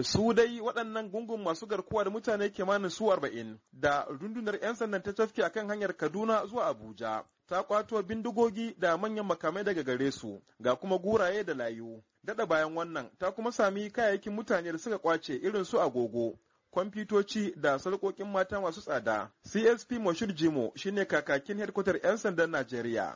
su dai waɗannan gungun masu garkuwa da mutane kimanin su arba'in da rundunar 'yan sandan ta tafki akan hanyar kaduna zuwa abuja ta kwato bindigogi da manyan makamai daga gare su ga kuma guraye da layu Daɗa bayan wannan ta kuma sami kayayyakin mutane da suka kwace irin su agogo kwamfutoci da sarƙoƙin mata masu tsada. CSP Moshir Jimo shine kakakin hedkwatar 'yan sandan Najeriya.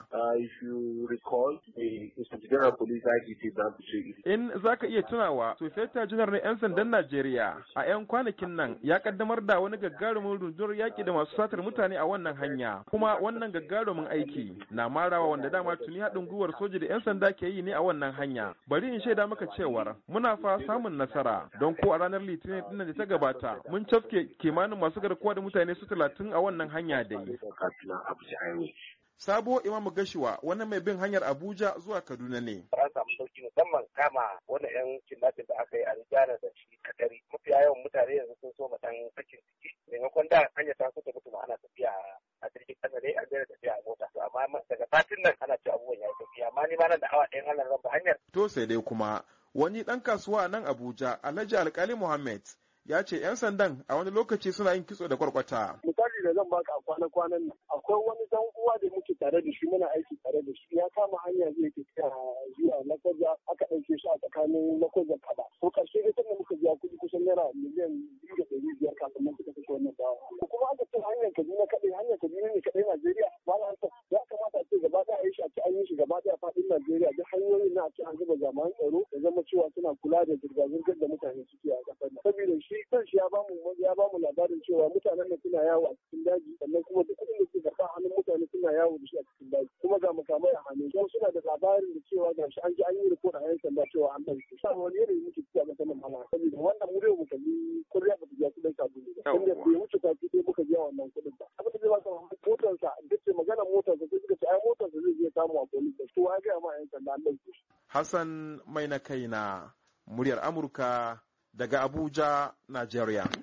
ce za ku ce In za ka iya tunawa, Sofeta Janar na 'yan sandan Najeriya a 'yan kwanakin nan ya kaddamar da wani gagarumin rundunar yaƙi da masu satar mutane a wannan hanya. Kuma wannan gagarumin aiki na marawa wanda dama tuni haɗin gwiwar soja da 'yan sanda ke yi ne a wannan hanya. Bari in shaida maka cewar muna fa samun nasara don ko a ranar Litinin ɗin da ta gabata mun cafke kimanin masu garkuwa da mutane su talatin a wannan hanya da yi. Sabo Imamu Gashiwa wani mai bin hanyar Abuja zuwa Kaduna ne. An samu sauki musamman kama wani 'yan kidnapping da aka yi a rijiyar da shi kadari. mafi yawan mutane yanzu sun so ma dan sakin ciki. Maimakon da hanyar ta so ta ana tafiya a jirgin kasa dai an daina tafiya a mota. To amma daga satin nan ana ci abubuwan ya tafiya. Amma ni ma nan da awa ɗayan Allah zan ba hanyar. To sai dai kuma wani ɗan kasuwa nan Abuja Alhaji Alkali Muhammad ya ce 'yan sandan a wani lokaci suna yin kitso da kwarkwata. Misali da zan baka a kwana-kwanan nan akwai wani dan uwa da muke tare da shi muna aiki tare da shi ya kama hanya zai tafiya zuwa Lakwaja aka ɗauke shi a tsakanin Lakwaja kaba. To ƙarshe da ne muka biya kuɗi kusan naira miliyan biyu da ɗari biyar kafin nan suka kashe wannan dawa. Kuma aka ce hanyar Kaduna kaɗai hanyar Kaduna ne kaɗai Najeriya Najeriya duk hanyoyin na ake an zuba jami'an tsaro ya zama cewa suna kula da zirga-zirgar da mutane suke a kasar nan. Saboda shi kanshi ya bamu ya bamu labarin cewa mutanen nan suna yawo a cikin daji sannan kuma duk kuɗin da ke sa hannun mutane suna yawo da shi a cikin daji kuma ga makamai a hannun don suna da labarin da cewa ga shi an ji an yi rikon a yan sanda cewa an ɗan Sa wani yanayi muke ciki a kasar nan mala saboda wannan mu dai mu kalli kuriya ba ta biya kuɗin sabulu ba. Tunda bai wuce sati ɗaya muka biya wannan kuɗin ba. Abin da zai ba ka motarsa ya samu a police da su ya gaya ma yan sanda an ɗauke Hassan mai na kaina muryar Amurka daga Abuja, Najeriya.